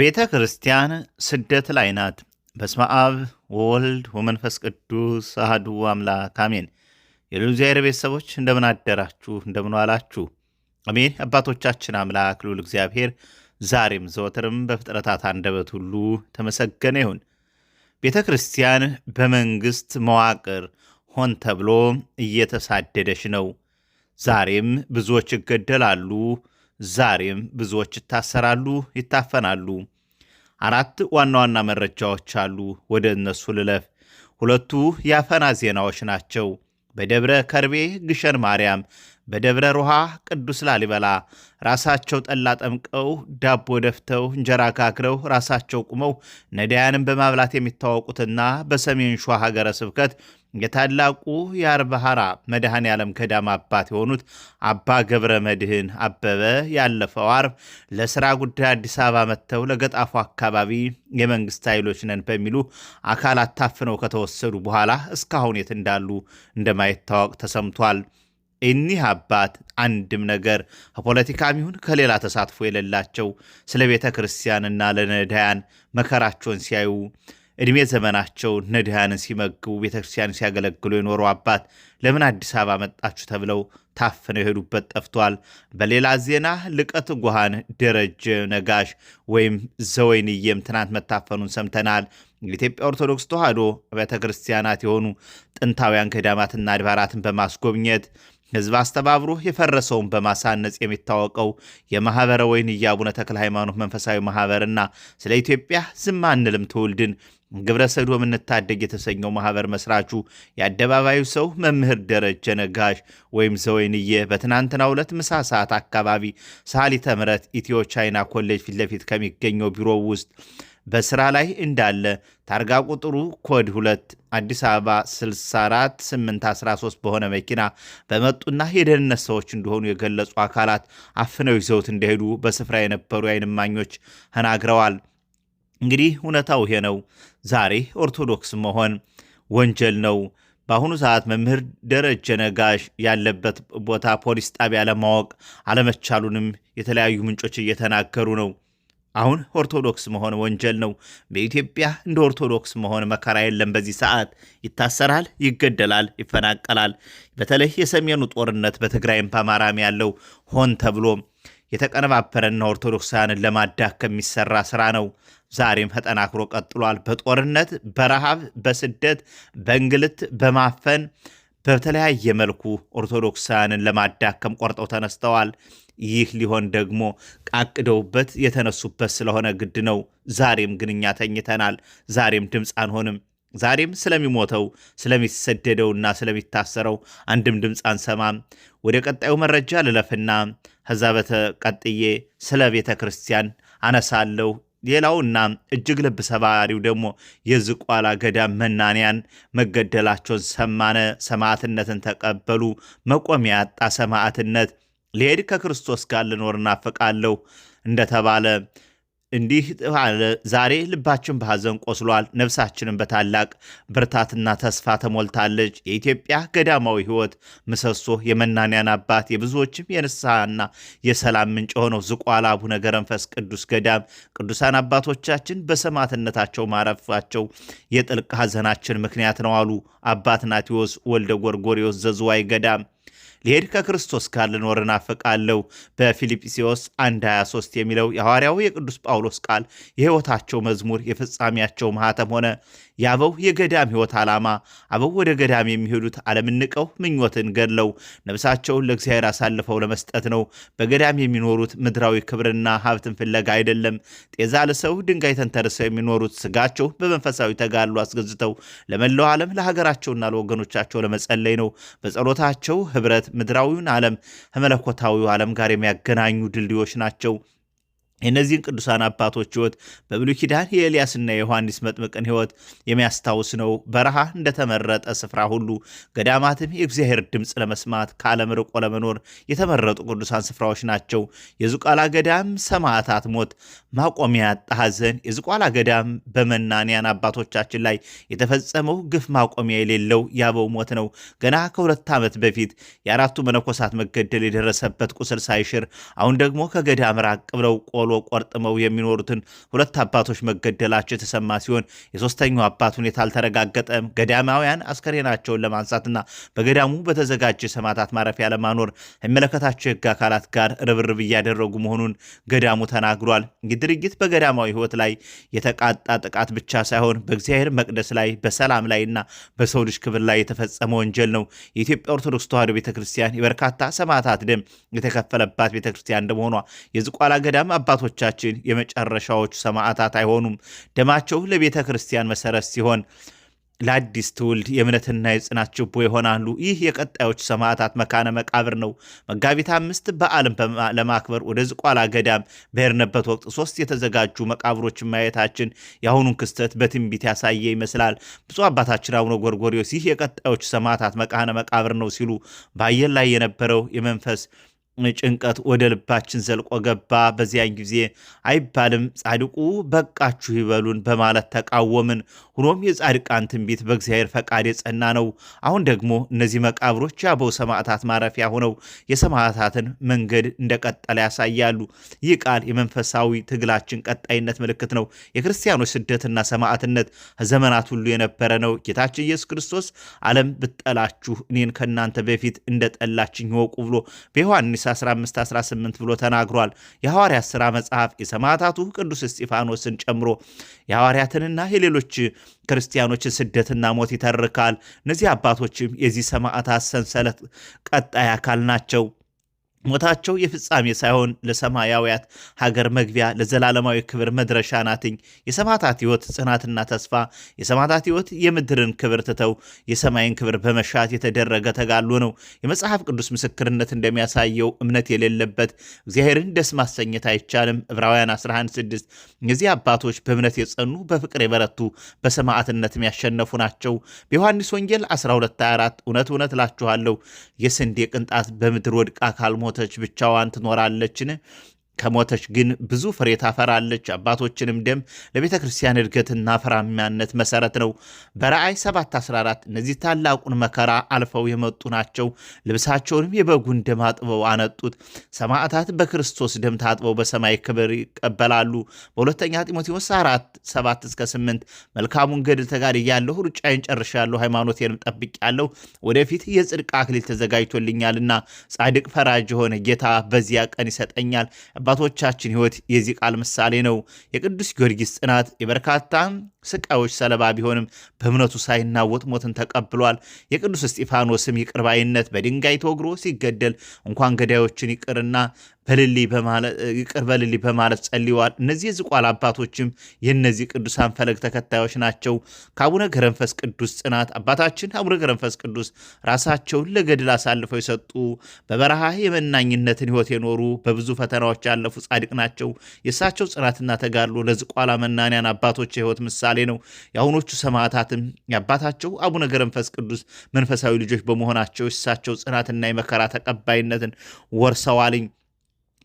ቤተ ክርስቲያን ስደት ላይ ናት። በስመ አብ ወወልድ ወመንፈስ ቅዱስ አህዱ አምላክ አሜን። የልዑል እግዚአብሔር ቤተሰቦች እንደምን አደራችሁ? እንደምን ዋላችሁ? አሜን። አባቶቻችን አምላክ ልዑል እግዚአብሔር ዛሬም ዘወትርም በፍጥረታት አንደበት ሁሉ ተመሰገነ ይሁን። ቤተ ክርስቲያን በመንግሥት መዋቅር ሆን ተብሎ እየተሳደደች ነው። ዛሬም ብዙዎች ይገደላሉ፣ ዛሬም ብዙዎች ይታሰራሉ፣ ይታፈናሉ። አራት ዋና ዋና መረጃዎች አሉ። ወደ እነሱ ልለፍ። ሁለቱ የአፈና ዜናዎች ናቸው። በደብረ ከርቤ ግሸን ማርያም በደብረ ሩሃ ቅዱስ ላሊበላ ራሳቸው ጠላ ጠምቀው ዳቦ ደፍተው እንጀራ ጋግረው ራሳቸው ቁመው ነዳያንን በማብላት የሚታወቁትና በሰሜን ሸዋ ሀገረ ስብከት የታላቁ የአርባሃራ መድኃኔ ዓለም ገዳም አባት የሆኑት አባ ገብረ መድህን አበበ ያለፈው አርብ ለስራ ጉዳይ አዲስ አበባ መጥተው ለገጣፉ አካባቢ የመንግስት ኃይሎች ነን በሚሉ አካላት ታፍነው ከተወሰዱ በኋላ እስካሁን የት እንዳሉ እንደማይታወቅ ተሰምቷል። እኒህ አባት አንድም ነገር ከፖለቲካም ይሁን ከሌላ ተሳትፎ የሌላቸው ስለ ቤተ ክርስቲያንና ለነዳያን መከራቸውን ሲያዩ ዕድሜ ዘመናቸው ነዳያንን ሲመግቡ ቤተ ክርስቲያን ሲያገለግሉ የኖሩ አባት ለምን አዲስ አበባ መጣችሁ ተብለው ታፍነው የሄዱበት ጠፍቷል። በሌላ ዜና ልቀት ጉሃን ደረጀ ነጋሽ ወይም ዘወይንዬም ትናንት መታፈኑን ሰምተናል። የኢትዮጵያ ኦርቶዶክስ ተዋሕዶ ቤተ ክርስቲያናት የሆኑ ጥንታውያን ገዳማትና አድባራትን በማስጎብኘት ህዝብ አስተባብሮ የፈረሰውን በማሳነጽ የሚታወቀው የማኅበረ ወይንዬ አቡነ ተክለ ሃይማኖት መንፈሳዊ ማኅበርና ስለ ኢትዮጵያ ዝም አንልም ትውልድን ግብረ ሰዶም እንታደግ የተሰኘው ማኅበር መስራቹ የአደባባዩ ሰው መምህር ደረጀ ነጋሽ ወይም ዘወይንዬ በትናንትናው ዕለት ምሳ ሰዓት አካባቢ ሳሊተ ምሕረት ኢትዮ ቻይና ኮሌጅ ፊት ለፊት ከሚገኘው ቢሮው ውስጥ በሥራ ላይ እንዳለ ታርጋ ቁጥሩ ኮድ 2 አዲስ አበባ 64 813 በሆነ መኪና በመጡና የደህንነት ሰዎች እንደሆኑ የገለጹ አካላት አፍነው ይዘውት እንደሄዱ በስፍራ የነበሩ አይንማኞች ተናግረዋል። እንግዲህ እውነታው ይሄ ነው። ዛሬ ኦርቶዶክስ መሆን ወንጀል ነው። በአሁኑ ሰዓት መምህር ደረጀ ነጋሽ ያለበት ቦታ ፖሊስ ጣቢያ ለማወቅ አለመቻሉንም የተለያዩ ምንጮች እየተናገሩ ነው። አሁን ኦርቶዶክስ መሆን ወንጀል ነው። በኢትዮጵያ እንደ ኦርቶዶክስ መሆን መከራ የለም። በዚህ ሰዓት ይታሰራል፣ ይገደላል፣ ይፈናቀላል። በተለይ የሰሜኑ ጦርነት በትግራይም በአማራም ያለው ሆን ተብሎ የተቀነባበረና ኦርቶዶክሳውያንን ለማዳከም የሚሰራ ስራ ነው። ዛሬም ተጠናክሮ ቀጥሏል። በጦርነት በረሃብ በስደት በእንግልት በማፈን በተለያየ መልኩ ኦርቶዶክሳውያንን ለማዳከም ቆርጠው ተነስተዋል። ይህ ሊሆን ደግሞ አቅደውበት የተነሱበት ስለሆነ ግድ ነው። ዛሬም ግን እኛ ተኝተናል። ዛሬም ድምፅ አንሆንም። ዛሬም ስለሚሞተው ስለሚሰደደውና ስለሚታሰረው አንድም ድምፅ አንሰማም። ወደ ቀጣዩ መረጃ ልለፍና ከዛ በተቀጥዬ ስለ ቤተ ክርስቲያን አነሳለሁ። ሌላውና እጅግ ልብ ሰባሪው ደግሞ የዝቋላ ገዳም መናንያን መገደላቸውን ሰማነ። ሰማዕትነትን ተቀበሉ። መቆሚያ ያጣ ሰማዕትነት ልሄድ ከክርስቶስ ጋር ልኖር እናፍቃለሁ እንደተባለ እንዲህ ዛሬ ልባችን በሐዘን ቆስሏል፣ ነፍሳችንን በታላቅ ብርታትና ተስፋ ተሞልታለች። የኢትዮጵያ ገዳማዊ ሕይወት ምሰሶ፣ የመናንያን አባት፣ የብዙዎችም የንስሐና የሰላም ምንጭ የሆነው ዝቋላ አቡነ ገረንፈስ ቅዱስ ገዳም ቅዱሳን አባቶቻችን በሰማዕትነታቸው ማረፋቸው የጥልቅ ሐዘናችን ምክንያት ነው አሉ አባት ናቴዎስ ወልደ ጎርጎርዮስ ዘዝዋይ ገዳም ልሄድ ከክርስቶስ ጋር ልኖር እናፍቃለሁ። በፊልጵስዩስ 1:23 የሚለው የሐዋርያው የቅዱስ ጳውሎስ ቃል የሕይወታቸው መዝሙር፣ የፍጻሜያቸው ማኅተም ሆነ። የአበው የገዳም ሕይወት ዓላማ አበው ወደ ገዳም የሚሄዱት ዓለምን ንቀው ምኞትን ገድለው ነፍሳቸውን ለእግዚአብሔር አሳልፈው ለመስጠት ነው። በገዳም የሚኖሩት ምድራዊ ክብርና ሀብትን ፍለጋ አይደለም። ጤዛ ለሰው ድንጋይ ተንተርሰው የሚኖሩት ስጋቸው በመንፈሳዊ ተጋድሎ አስገዝተው ለመላው ዓለም ለሀገራቸውና ለወገኖቻቸው ለመጸለይ ነው። በጸሎታቸው ኅብረት ምድራዊውን ዓለም ከመለኮታዊው ዓለም ጋር የሚያገናኙ ድልድዮች ናቸው። የእነዚህን ቅዱሳን አባቶች ሕይወት በብሉይ ኪዳን የኤልያስና የዮሐንስ መጥምቅን ሕይወት የሚያስታውስ ነው። በረሃ እንደተመረጠ ስፍራ ሁሉ ገዳማትም የእግዚአብሔር ድምፅ ለመስማት ከዓለም ርቆ ለመኖር የተመረጡ ቅዱሳን ስፍራዎች ናቸው። የዝቋላ ገዳም ሰማዕታት ሞት ማቆሚያ ያጣ ሐዘን፣ የዝቋላ ገዳም በመናንያን አባቶቻችን ላይ የተፈጸመው ግፍ ማቆሚያ የሌለው የአበው ሞት ነው። ገና ከሁለት ዓመት በፊት የአራቱ መነኮሳት መገደል የደረሰበት ቁስል ሳይሽር አሁን ደግሞ ከገዳም ራቅ ብለው ቆሎ ተብሎ ቆርጥመው የሚኖሩትን ሁለት አባቶች መገደላቸው የተሰማ ሲሆን የሶስተኛው አባት ሁኔታ አልተረጋገጠም። ገዳማውያን አስከሬናቸውን ለማንሳትና በገዳሙ በተዘጋጀ ሰማዕታት ማረፊያ ለማኖር የሚመለከታቸው የህግ አካላት ጋር ርብርብ እያደረጉ መሆኑን ገዳሙ ተናግሯል። ይህ ድርጊት በገዳማዊ ህይወት ላይ የተቃጣ ጥቃት ብቻ ሳይሆን በእግዚአብሔር መቅደስ ላይ በሰላም ላይና በሰው ልጅ ክብር ላይ የተፈጸመ ወንጀል ነው። የኢትዮጵያ ኦርቶዶክስ ተዋሕዶ ቤተክርስቲያን የበርካታ ሰማዕታት ደም የተከፈለባት ቤተክርስቲያን እንደመሆኗ የዝቋላ ገዳም አባቶ አባቶቻችን የመጨረሻዎች ሰማዕታት አይሆኑም። ደማቸው ለቤተ ክርስቲያን መሰረት ሲሆን ለአዲስ ትውልድ የእምነትና የጽናት ችቦ ይሆናሉ። ይህ የቀጣዮች ሰማዕታት መካነ መቃብር ነው። መጋቢት አምስት በዓልን ለማክበር ወደ ዝቋላ ገዳም በሄድንበት ወቅት ሶስት የተዘጋጁ መቃብሮችን ማየታችን የአሁኑን ክስተት በትንቢት ያሳየ ይመስላል። ብፁዕ አባታችን አቡነ ጎርጎሪዎስ ይህ የቀጣዮች ሰማዕታት መካነ መቃብር ነው ሲሉ በአየር ላይ የነበረው የመንፈስ ጭንቀት ወደ ልባችን ዘልቆ ገባ። በዚያን ጊዜ አይባልም ጻድቁ በቃችሁ ይበሉን በማለት ተቃወምን። ሆኖም የጻድቃን ትንቢት በእግዚአብሔር ፈቃድ የጸና ነው። አሁን ደግሞ እነዚህ መቃብሮች የአበው ሰማዕታት ማረፊያ ሆነው የሰማዕታትን መንገድ እንደቀጠለ ያሳያሉ። ይህ ቃል የመንፈሳዊ ትግላችን ቀጣይነት ምልክት ነው። የክርስቲያኖች ስደትና ሰማዕትነት ዘመናት ሁሉ የነበረ ነው። ጌታችን ኢየሱስ ክርስቶስ ዓለም ብጠላችሁ እኔን ከእናንተ በፊት እንደጠላችኝ ይወቁ ብሎ በዮሐንስ 15 18 ብሎ ተናግሯል። የሐዋርያት ሥራ መጽሐፍ የሰማዕታቱ ቅዱስ እስጢፋኖስን ጨምሮ የሐዋርያትንና የሌሎች ክርስቲያኖችን ስደትና ሞት ይተርካል። እነዚህ አባቶችም የዚህ ሰማዕታት ሰንሰለት ቀጣይ አካል ናቸው። ሞታቸው የፍጻሜ ሳይሆን ለሰማያዊያት ሀገር መግቢያ ለዘላለማዊ ክብር መድረሻ ናትኝ። የሰማዕታት ሕይወት ጽናትና ተስፋ። የሰማዕታት ሕይወት የምድርን ክብር ትተው የሰማይን ክብር በመሻት የተደረገ ተጋድሎ ነው። የመጽሐፍ ቅዱስ ምስክርነት እንደሚያሳየው እምነት የሌለበት እግዚአብሔርን ደስ ማሰኘት አይቻልም። ዕብራውያን 11፥6 እነዚህ አባቶች በእምነት የጸኑ በፍቅር የበረቱ በሰማዕትነትም ያሸነፉ ናቸው። በዮሐንስ ወንጌል 12፥24 እውነት እውነት እላችኋለሁ የስንዴ ቅንጣት በምድር ወድቃ ካልሞ ከሞተች ብቻዋን ትኖራለችን? ከሞተች ግን ብዙ ፍሬ ታፈራለች። አባቶችንም ደም ለቤተ ክርስቲያን እድገትና ፍራሚያነት መሰረት ነው። በራእይ 714 እነዚህ ታላቁን መከራ አልፈው የመጡ ናቸው። ልብሳቸውንም የበጉን ደም አጥበው አነጡት። ሰማዕታት በክርስቶስ ደም ታጥበው በሰማይ ክብር ይቀበላሉ። በሁለተኛ ጢሞቴዎስ 4 7 እስከ 8 መልካሙን ገድል ተጋድያለሁ፣ ሩጫዬን ጨርሻለሁ፣ ሃይማኖቴንም ጠብቄአለሁ። ወደፊት የጽድቅ አክሊል ተዘጋጅቶልኛልና ጻድቅ ፈራጅ የሆነ ጌታ በዚያ ቀን ይሰጠኛል። የአባቶቻችን ህይወት የዚህ ቃል ምሳሌ ነው። የቅዱስ ጊዮርጊስ ጽናት የበርካታ ስቃዮች ሰለባ ቢሆንም በእምነቱ ሳይናወጥ ሞትን ተቀብሏል። የቅዱስ እስጢፋኖስም ይቅርባይነት በድንጋይ ተወግሮ ሲገደል እንኳን ገዳዮችን ይቅርና በልልይ በማለት ይቅር በልልይ በማለት ጸልዋል። እነዚህ የዝቋል አባቶችም የእነዚህ ቅዱሳን ፈለግ ተከታዮች ናቸው። ከአቡነ ገረንፈስ ቅዱስ ጽናት አባታችን አቡነ ገረንፈስ ቅዱስ ራሳቸውን ለገድል አሳልፈው የሰጡ በበረሃ የመናኝነትን ሕይወት የኖሩ በብዙ ፈተናዎች ያለፉ ጻድቅ ናቸው። የእሳቸው ጽናትና ተጋድሎ ለዝቋላ መናንያን አባቶች የሕይወት ምሳሌ ነው። የአሁኖቹ ሰማዕታትም የአባታቸው አቡነ ገረንፈስ ቅዱስ መንፈሳዊ ልጆች በመሆናቸው የእሳቸው ጽናትና የመከራ ተቀባይነትን ወርሰዋልኝ።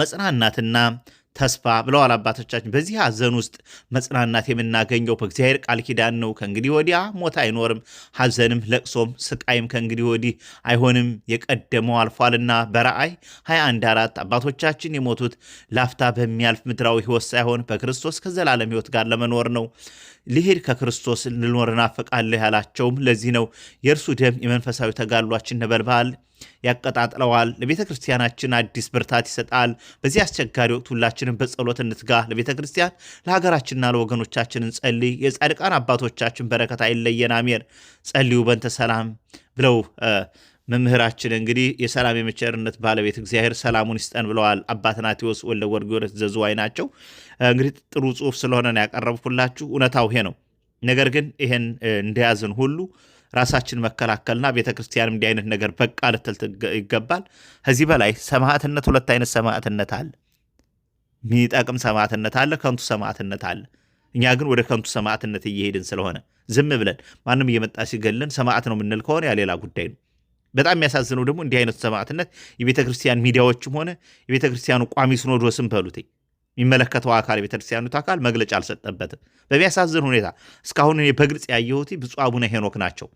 መጽናናትና ተስፋ ብለዋል አባቶቻችን። በዚህ ሐዘን ውስጥ መጽናናት የምናገኘው በእግዚአብሔር ቃል ኪዳን ነው። ከእንግዲህ ወዲያ ሞት አይኖርም፣ ሐዘንም ለቅሶም ስቃይም ከእንግዲህ ወዲህ አይሆንም፣ የቀደመው አልፏልና። በራእይ 21 አራት አባቶቻችን የሞቱት ላፍታ በሚያልፍ ምድራዊ ሕይወት ሳይሆን በክርስቶስ ከዘላለም ሕይወት ጋር ለመኖር ነው። ልሄድ ከክርስቶስ ልኖር እናፍቃለሁ ያላቸውም ለዚህ ነው። የእርሱ ደም የመንፈሳዊ ተጋድሏችን ነበልባል ያቀጣጥለዋል። ለቤተ ክርስቲያናችን አዲስ ብርታት ይሰጣል። በዚህ አስቸጋሪ ወቅት ሁላችንም በጸሎት እንትጋ። ለቤተ ክርስቲያን ለሀገራችንና ለወገኖቻችን እንጸልይ። የጻድቃን አባቶቻችን በረከት አይለየን። አሜር ጸልዩ በእንተ ሰላም ብለው መምህራችን እንግዲህ የሰላም የመቸርነት ባለቤት እግዚአብሔር ሰላሙን ይስጠን ብለዋል አባ ትናቴዎስ ወልደ ጎርጎርዮስ ዘዝዋይ ናቸው። እንግዲህ ጥሩ ጽሑፍ ስለሆነ ነው ያቀረብኩላችሁ። እውነታው ይሄ ነው። ነገር ግን ይሄን እንደያዝን ሁሉ ራሳችን መከላከልና ቤተ ክርስቲያን እንዲህ አይነት ነገር በቃ ልትል ይገባል። ከዚህ በላይ ሰማዕትነት ሁለት አይነት ሰማዕትነት አለ። የሚጠቅም ሰማዕትነት አለ፣ ከንቱ ሰማዕትነት አለ። እኛ ግን ወደ ከንቱ ሰማዕትነት እየሄድን ስለሆነ ዝም ብለን ማንም እየመጣ ሲገልን ሰማዕት ነው የምንል ከሆነ ያ ሌላ ጉዳይ ነው። በጣም የሚያሳዝነው ደግሞ እንዲህ አይነቱ ሰማዕትነት የቤተ ክርስቲያን ሚዲያዎችም ሆነ የቤተ ክርስቲያኑ ቋሚ ሲኖዶስም በሉት የሚመለከተው አካል ክርስቲያኑት አካል መግለጫ አልሰጠበትም። በሚያሳዝን ሁኔታ እስካሁን እኔ በግልጽ ያየሁት ብፁዕ አቡነ ሄኖክ ናቸው።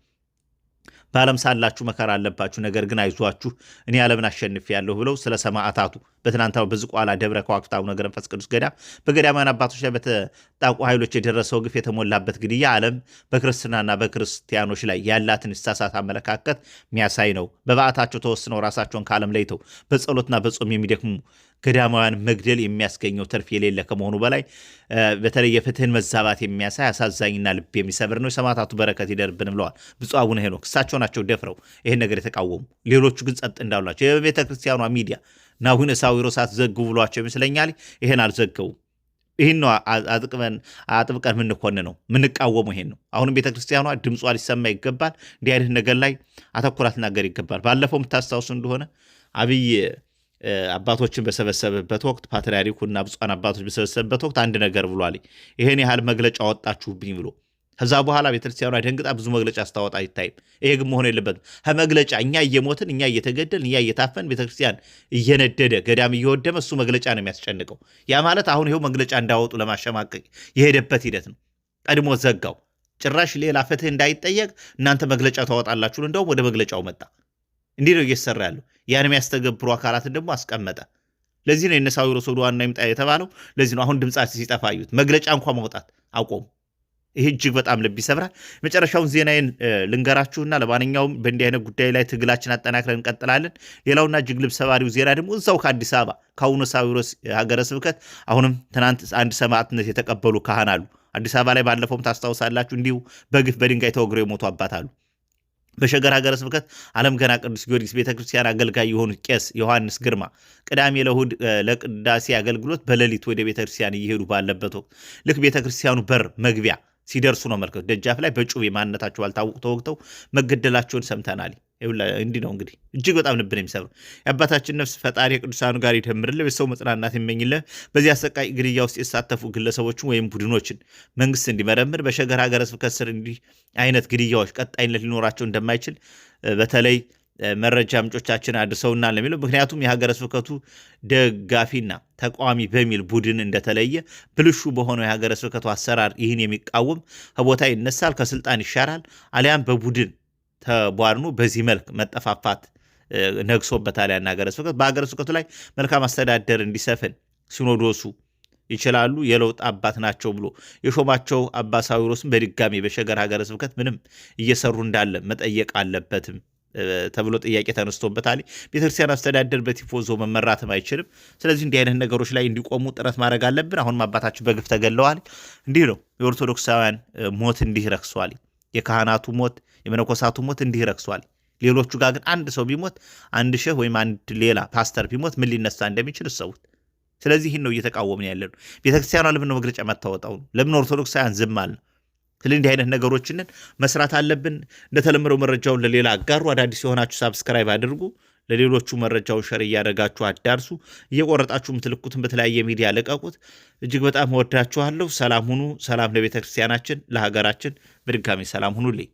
በዓለም ሳላችሁ መከራ አለባችሁ፣ ነገር ግን አይዟችሁ እኔ ዓለምን አሸንፍ ያለሁ ብለው ስለ ሰማዕታቱ በትናንትናው በዝቋላ ደብረ ከዋክብት አቡነ ገብረ መንፈስ ቅዱስ ገዳም በገዳማን አባቶች ላይ በተጣቁ ኃይሎች የደረሰው ግፍ የተሞላበት ግድያ ዓለም በክርስትናና በክርስቲያኖች ላይ ያላትን የተሳሳተ አመለካከት የሚያሳይ ነው። በበዓታቸው ተወስነው ራሳቸውን ከዓለም ለይተው በጸሎትና በጾም የሚደክሙ ገዳማውያን መግደል የሚያስገኘው ትርፍ የሌለ ከመሆኑ በላይ በተለይ የፍትህን መዛባት የሚያሳይ አሳዛኝና ልብ የሚሰብር ነው። የሰማዕታቱ በረከት ይደርብን ብለዋል ብፁዕ አቡነ ሄኖክ። እሳቸው ናቸው ደፍረው ይህን ነገር የተቃወሙ። ሌሎቹ ግን ጸጥ እንዳሉ ናቸው። የቤተ ክርስቲያኗ ሚዲያ ናሁን ሳዊሮ ሳትዘግቡ ብሏቸው ይመስለኛል። ይህን አልዘገቡም። ይህን ነው አጥቅመን አጥብቀን ምንኮን ነው ምንቃወሙ። ይሄን ነው አሁንም ቤተ ክርስቲያኗ ድምጿ ሊሰማ ይገባል። እንዲህ አይነት ነገር ላይ አተኩራ ትናገር ይገባል። ባለፈው የምታስታውሱ እንደሆነ አብይ አባቶችን በሰበሰበበት ወቅት ፓትርያርኩና ብፁዓን አባቶች በሰበሰበበት ወቅት አንድ ነገር ብሏል። ይሄን ያህል መግለጫ ወጣችሁብኝ ብሎ ከዛ በኋላ ቤተክርስቲያኗ ደንግጣ ብዙ መግለጫ ስታወጣ አይታይም። ይሄ ግን መሆን የለበትም። ከመግለጫ እኛ እየሞትን እኛ እየተገደልን እኛ እየታፈን ቤተክርስቲያን እየነደደ ገዳም እየወደመ እሱ መግለጫ ነው የሚያስጨንቀው። ያ ማለት አሁን ይኸው መግለጫ እንዳወጡ ለማሸማቀቅ የሄደበት ሂደት ነው። ቀድሞ ዘጋው። ጭራሽ ሌላ ፍትህ እንዳይጠየቅ እናንተ መግለጫ ታወጣላችሁ። እንደውም ወደ መግለጫው መጣ። እንዲህ ነው እየተሰራ ያለው። ያን የሚያስተገብሩ አካላትን ደግሞ አስቀመጠ። ለዚህ ነው የነሳዊ ሮሶዶ ዋና ይምጣ የተባለው። ለዚህ ነው አሁን ድምጻቸው ሲጠፋ አዩት። መግለጫ እንኳ ማውጣት አቆሙ። ይህ እጅግ በጣም ልብ ይሰብራል። መጨረሻውን ዜናዬን ልንገራችሁና ለማንኛውም በእንዲህ አይነት ጉዳይ ላይ ትግላችን አጠናክረን እንቀጥላለን። ሌላውና እጅግ ልብ ሰባሪው ዜና ደግሞ እዛው ከአዲስ አበባ ከአቡነ ሳዊሮስ ሀገረ ስብከት አሁንም ትናንት አንድ ሰማዕትነት የተቀበሉ ካህን አሉ። አዲስ አበባ ላይ ባለፈውም ታስታውሳላችሁ፣ እንዲሁ በግፍ በድንጋይ ተወግረው የሞቱ አባት አሉ። በሸገር ሀገረ ስብከት ዓለም ገና ቅዱስ ጊዮርጊስ ቤተ ክርስቲያን አገልጋይ የሆኑት ቄስ ዮሐንስ ግርማ ቅዳሜ ለእሁድ ለቅዳሴ አገልግሎት በሌሊት ወደ ቤተ ክርስቲያን እየሄዱ ባለበት ወቅት ልክ ቤተ ክርስቲያኑ በር መግቢያ ሲደርሱ ነው መልከቱ ደጃፍ ላይ በጩቤ ማንነታቸው ባልታወቁ ተወግተው መገደላቸውን ሰምተናል። እንዲህ ነው እንግዲህ እጅግ በጣም ልብን የሚሰብረው የአባታችን ነፍስ ፈጣሪ ቅዱሳኑ ጋር ይደምርልህ፣ የሰው መጽናናት ይመኝልህ። በዚህ አሰቃቂ ግድያ ውስጥ የተሳተፉ ግለሰቦችን ወይም ቡድኖችን መንግስት እንዲመረምር፣ በሸገር ሀገረ ስብከት ስር እንዲህ አይነት ግድያዎች ቀጣይነት ሊኖራቸው እንደማይችል በተለይ መረጃ ምንጮቻችን አድርሰውናል የሚለው ምክንያቱም የሀገረ ስብከቱ ደጋፊና ተቃዋሚ በሚል ቡድን እንደተለየ ብልሹ በሆነው የሀገረ ስብከቱ አሰራር ይህን የሚቃወም ከቦታ ይነሳል፣ ከስልጣን ይሻራል፣ አሊያም በቡድን ተቧድኑ በዚህ መልክ መጠፋፋት ነግሶበታል። ያን ሀገረ ስብከት በሀገረ ስብከቱ ላይ መልካም አስተዳደር እንዲሰፍን ሲኖዶሱ ይችላሉ የለውጥ አባት ናቸው ብሎ የሾማቸው አባ ሳዊሮስም በድጋሚ በሸገር ሀገረ ስብከት ምንም እየሰሩ እንዳለ መጠየቅ አለበትም ተብሎ ጥያቄ ተነስቶበታል። ቤተክርስቲያን አስተዳደር በቲፎዞ መመራትም አይችልም። ስለዚህ እንዲህ አይነት ነገሮች ላይ እንዲቆሙ ጥረት ማድረግ አለብን። አሁንም አባታችን በግፍ ተገለዋል። እንዲህ ነው የኦርቶዶክሳውያን ሞት እንዲህ ረክሷል። የካህናቱ ሞት፣ የመነኮሳቱ ሞት እንዲህ ረክሷል። ሌሎቹ ጋር ግን አንድ ሰው ቢሞት አንድ ሼህ ወይም አንድ ሌላ ፓስተር ቢሞት ምን ሊነሳ እንደሚችል እሰቡት። ስለዚህ ይህን ነው እየተቃወምን ያለ ነው። ቤተክርስቲያኗ ለምን ነው መግለጫ ነው? ለምን ኦርቶዶክሳውያን ዝም አልን? ስለዚህ እንዲህ አይነት ነገሮችንን መስራት አለብን። እንደተለመደው መረጃውን ለሌላ አጋሩ። አዳዲስ የሆናችሁ ሳብስክራይብ አድርጉ። ለሌሎቹ መረጃውን ሸር እያደረጋችሁ አዳርሱ። እየቆረጣችሁ የምትልኩትን በተለያየ ሚዲያ ለቀቁት። እጅግ በጣም ወዳችኋለሁ። ሰላም ሁኑ። ሰላም ለቤተክርስቲያናችን፣ ለሀገራችን። በድጋሚ ሰላም ሁኑልኝ።